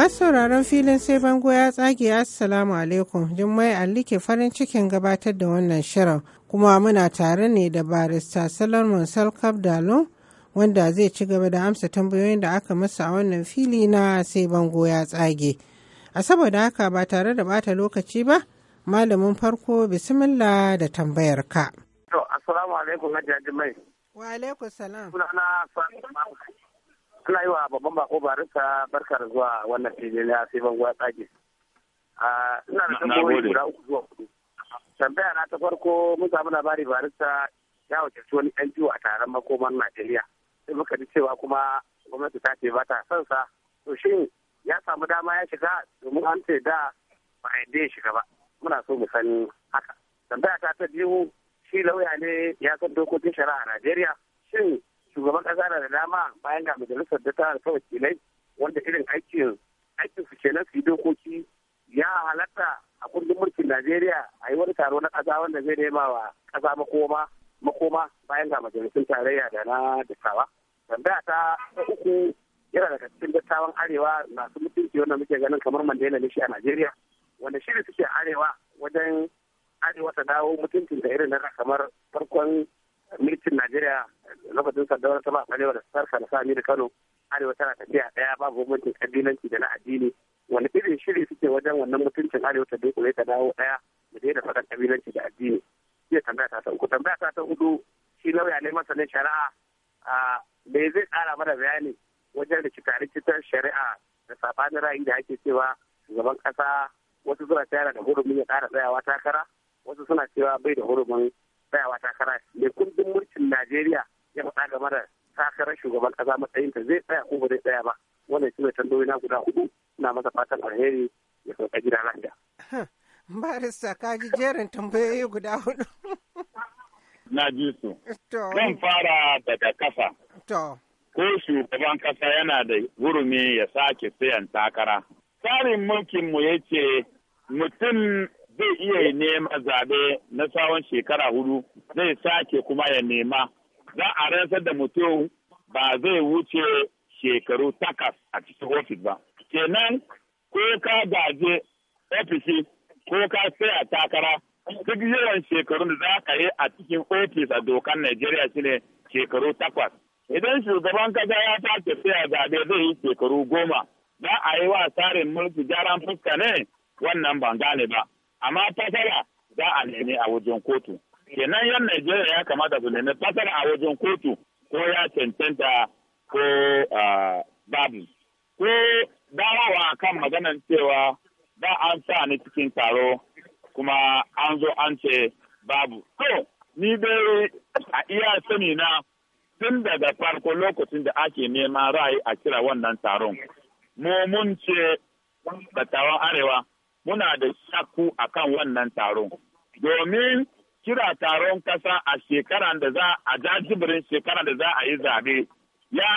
Masu sauraron filin sai bango ya tsage Assalamu alaikum Jummai alli ke farin cikin gabatar da wannan shirin kuma muna tare ne da barista Salomon Salkab Dalo wanda zai ci gaba da amsa tambayoyin da aka masa a wannan fili na sai bango ya tsage. A saboda haka ba tare da bata lokaci ba, malamin farko bismillah da tambayar ka. Suna yi wa babban bako barista barkar zuwa wannan filin na sai ban tsage. Ina da tambayoyi guda uku zuwa hudu. Tambaya na ta farko mun samu labari barista ya wakilci wani ɗan jiwo a taron makoman Najeriya. Sai muka ji cewa kuma gwamnati ta ce ba ta son sa. To shin ya samu dama ya shiga domin an ce da ba a yadda ya shiga ba. Muna so mu sani haka. Tambaya ta ta biyu shi lauya ne ya san dokokin shari'a a Najeriya. Shin shugaban kasa na da dama bayan ga majalisar da ta ta wakilai wanda irin aikin aikin su kenan su dokoki ya halatta a kundin mulkin Najeriya a yi wani taro na kasa wanda zai nema wa kasa makoma makoma bayan ga majalisun tarayya da na dattawa. Tambaya ta uku yana daga cikin dattawan arewa masu mutunci wanda muke ganin kamar Mandela ne shi a Najeriya wanda shi ne suke arewa wajen arewa ta dawo da irin na kamar farkon mulkin najeriya lokacin sandawar ta ba kwarewa da sarka da sami da kano arewa tana tafiya daya babu gwamnatin kabilanci da na addini wani irin shiri suke wajen wannan mutuncin arewa ta dunkule ta dawo daya da da fadar kabilanci da addini iya tambaya ta ta uku tambaya ta ta hudu shi lauya ne masanin shari'a me zai kara mana bayani wajen rikitar shari'a da sabanin ra'ayi da ake cewa shugaban kasa wasu suna tsayar da hurumin ya kara tsayawa takara wasu suna cewa bai da hurumin tsayawa takara mai kundin mulkin najeriya ya faɗa game da takarar shugaban ƙasa matsayin ta zai tsaya ko ba zai tsaya ba wannan shi ne tambayoyi na guda hudu na masa fatan alheri ya sauka gida lafiya. barista ka ji jerin tambayoyi guda hudu. na ji su. Zan fara daga kasa. Ko shugaban kasa yana da gurumi ya sake sayan takara. Tsarin mulkinmu ya ce mutum zai iya nema zaɓe na tsawon shekara hudu zai sake kuma ya nema za a rantsar da mutum ba zai wuce shekaru takas a cikin ofis ba kenan ko ka gaje ofishi ko ka tsaya takara duk yawan shekaru da za ka yi a cikin ofis a dokan Najeriya shine shekaru takwas. Idan shugaban kaza ya sake tsaya zaɓe zai yi shekaru goma, za a yi wa tsarin mulki gyaran fuska ne wannan ban gane ba. amma fasara za a nemi a wajen kotu kenan yan najeriya ya kamata su nemi fasara a wajen kotu ko ya cancanta ko babu ko dawowa kan maganan cewa ba an sa ni cikin taro kuma an zo an ce babu to ni dai a iya sani na tun daga farko lokacin da ake neman ra'ayi a kira wannan taron mu mun ce dattawan arewa muna da shakku a kan wannan taron. Domin kira taron kasa a shekaran da za a jajibirin shekaran da za a yi zabe ya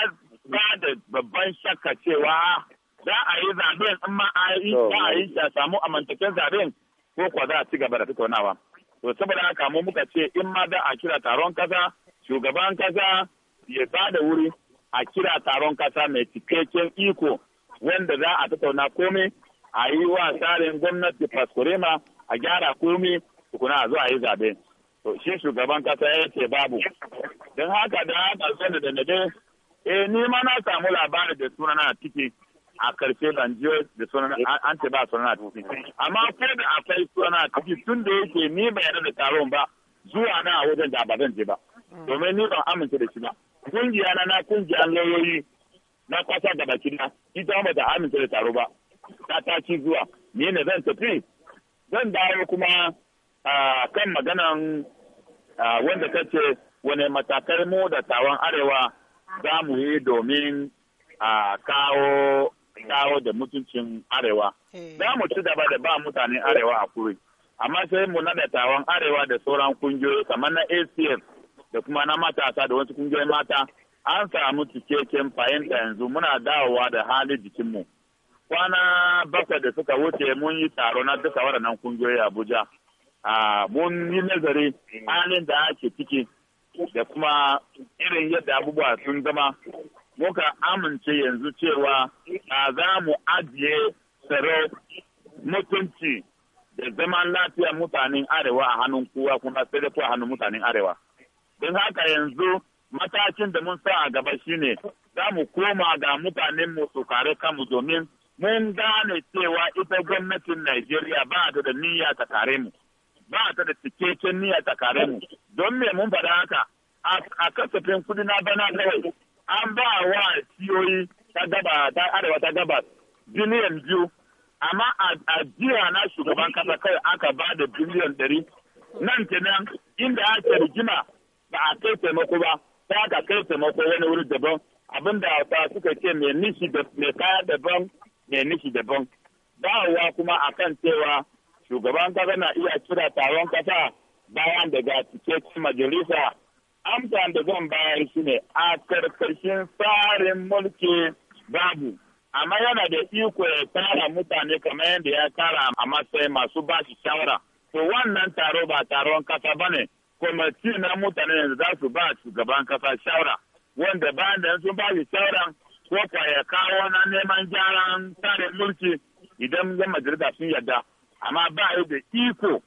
ba da babban shakka cewa za a yi zabe in ma a yi za a yi a samu amantaken zaɓen ko kuwa za a ci gaba da tattaunawa. To saboda haka mu muka ce in ma za a kira taron kasa shugaban kasa ya ba da wuri a kira taron kasa mai cikakken iko wanda za a tattauna komai a yi wa tsarin gwamnati faskurema a gyara komi tukuna a zo a yi zabe to shi shugaban kasa ya ce babu don haka da haka zai da nade eh ni ma na samu labarin da suna na ciki a karshe ban jiyo da suna an ce ba suna na ciki amma ko da akwai suna na ciki tun da yake ni bai yarda da taron ba zuwa na wajen da ba zan je ba domin ni ban amince da shi ba kungiya na na kungiyar lauyoyi na kwasa da bakina ita ba ta amince da taro ba ta tashi zuwa ni ne zan tafi zan dawo kuma kan maganan wanda ta ce wane matakai mu da tawan arewa za mu yi domin kawo kawo da mutuncin arewa eh. za mu ci gaba da ba mutanen arewa a kuri amma sai mu na da tawan arewa da sauran kungiyoyi kamar na acf da kuma na matasa da wasu kungiyoyin mata an samu cikakken fahimta yanzu muna dawowa da halin jikinmu. kwana bakwai da suka wuce mun yi taro na duka waɗannan kungiyoyi Abuja. Mun yi nazari halin da ake ciki da kuma irin yadda abubuwa sun zama muka amince yanzu cewa ba za mu ajiye tsaro mutunci da zaman lafiya mutanen arewa a hannun kowa kuma sai da a hannun mutanen arewa. Don haka yanzu matakin da mun sa a gaba shine za mu koma ga mutanen mu su kare kanmu domin mun gane cewa ita gwamnatin Najeriya ba ta da niyya ta kare mu, ba ta da cikakken niyya ta kare mu. Don me mun faɗa haka a kasafin kudi na bana kawai an ba wa ciyoyi ta gaba ta arewa ta gabas biliyan biyu amma a jiya na shugaban kasa kai aka ba da biliyan ɗari nan kenan inda ake rigima ba a kai taimako ba ta aka kai taimako wani wuri daban abinda ta suka ce mai nishi da mai kaya daban nemi shi daban dawowa kuma a kan cewa shugaban kasa na iya kira taron kasa bayan daga cikakken majalisa amsa da zan bayar shi ne a karkashin tsarin mulki babu amma yana da iko ya tara mutane kamar yadda ya tara a matsayin masu ba shi shawara to wannan taro ba taron kasa ba ne kwamiti na mutane da za su ba shugaban kasa shawara wanda bayan da sun ba shi shawara ko ya kawo na neman gyaran tsarin mulki idan yan majalisa sun yarda amma ba yi da iko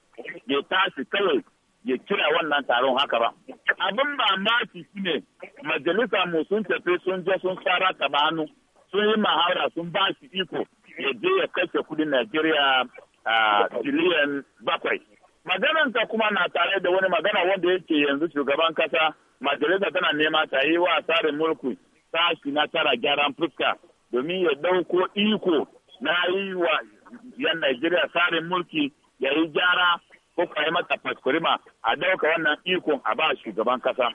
ya tashi kawai ya kira wannan taron haka ba abin ba mamaki shine majalisa mu sun tafi sun je sun fara ta hannu sun yi mahaura sun ba shi iko ya je ya kashe kudin Najeriya a biliyan bakwai. Maganan ta kuma na tare da wani magana wanda yake yanzu shugaban kasa majalisa tana nema ta yi wa tsarin mulki sashi na tara gyaran fuska domin ya dauko iko na yi wa yan Najeriya tsarin mulki ya yi gyara ko ka yi mata faskurima a dauka wannan ikon a ba shugaban kasa.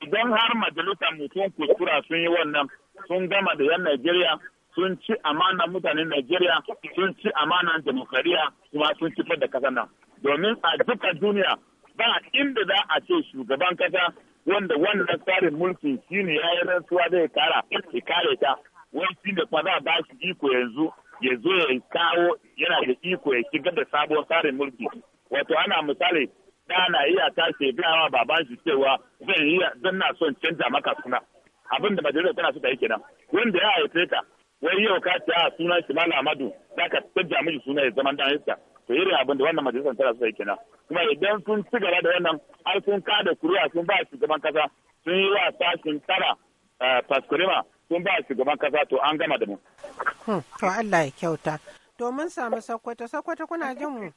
Idan har majalisar mutum kuskura sun yi wannan sun gama da yan Najeriya sun ci amanan mutanen Najeriya sun ci amanan demokariya kuma sun ci da kasa nan. Domin a duka duniya ba inda za a ce shugaban kasa wanda wannan tsarin mulki shi ne ya yi rantsuwa zai kara ya kare ta wani shi da kuma za ba shi iko yanzu ya zo ya kawo yana da iko ya shiga da sabon tsarin mulki wato ana misali da na iya tashi gaya ba baban shi cewa zan iya don na son canza maka suna abin da majalisar tana so ta yi kenan wanda ya haife ta wai yau ka ce a ah, suna shi malamadu za ka canja miji suna ya zama dan iska to irin abin da wannan majalisar tara suka yi kenan kuma idan sun ci gaba da wannan har sun kada kuri'a sun ba shugaban kasa sun yi wa sashin tara faskurima eh, sun ba shugaban kasa to an gama da mu. Hmm, to Allah ya kyauta domin samu sakkwato sakkwato kuna jin mu.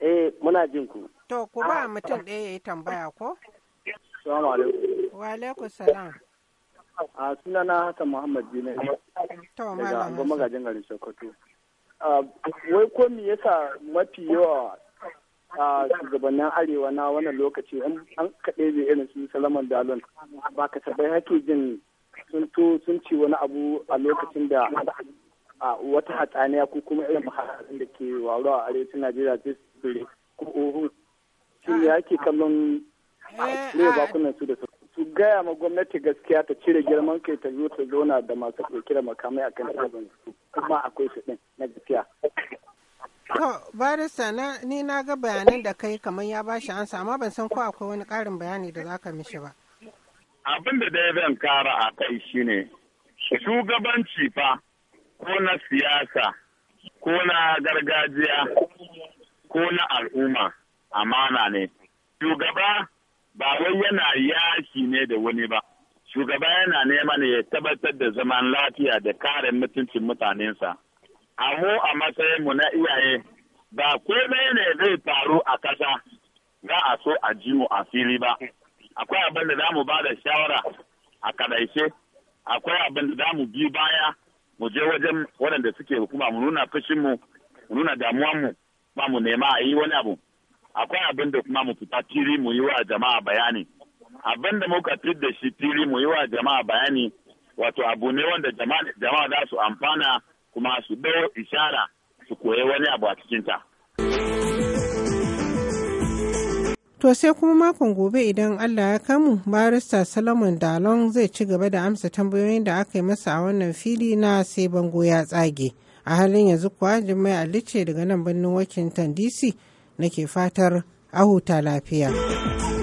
eh muna jin ku. to ku ba mutum ɗaya ya yi tambaya ko. salamu alaikum. wa alaikum salam. a ah, sunana Hassan Muhammad Jinai. to malam. daga magajin garin Sokoto. wai ko me yasa mafi yawa a shugabannin arewa na wannan lokaci an kaɗe da irin su salaman dalon ba ka sabai hake jin sun to sun ci wani abu a lokacin da wata hatsaniya ko kuma irin mahaɗin da ke waro a arewacin najeriya ce su ko ohun shi ya ke kallon ne eh, bakunan su da su gaya ma gwamnati gaskiya ta cire girman kai ta zo ta zauna da masu ɗauki da makamai akan tsarin su kuma akwai su ɗin na gaskiya. To, barista ni na ga bayanan da kai kamar ya ba shi ansa amma ban san ko akwai wani ƙarin bayani da za ka mishi ba. Abin da dai zan kara a kai shi ne shugabanci fa ko na siyasa ko na gargajiya ko na al'umma amana ne. Shugaba ba wai yana yaki ne da wani ba shugaba yana neman ya tabbatar da zaman lafiya da kare mutuncin mutanensa a mu a matsayinmu na iyaye ba komai ne zai faru a ƙasa za a so a ji mu a fili ba akwai abin da za mu ba da shawara a kadaice akwai abin da za mu bi baya mu je wajen waɗanda suke hukuma mu nuna fushinmu mu nuna damuwanmu ba mu nema a yi wani abu akwai abin da kuma mu fita tiri mu yi wa jama'a bayani abin da muka fit da shi tiri mu yi wa jama'a bayani wato abu ne wanda jama'a za su amfana kuma su dawo ishara su koyi wani abu a cikinta. To sai kuma makon gobe idan Allah ya kamu barista Solomon Dalon zai ci gaba da amsa tambayoyin da aka yi masa a wannan fili na sai bango ya tsage. A halin yanzu kuwa Jummai Ali ce daga nan birnin Washington DC. nake fatar a huta lafiya.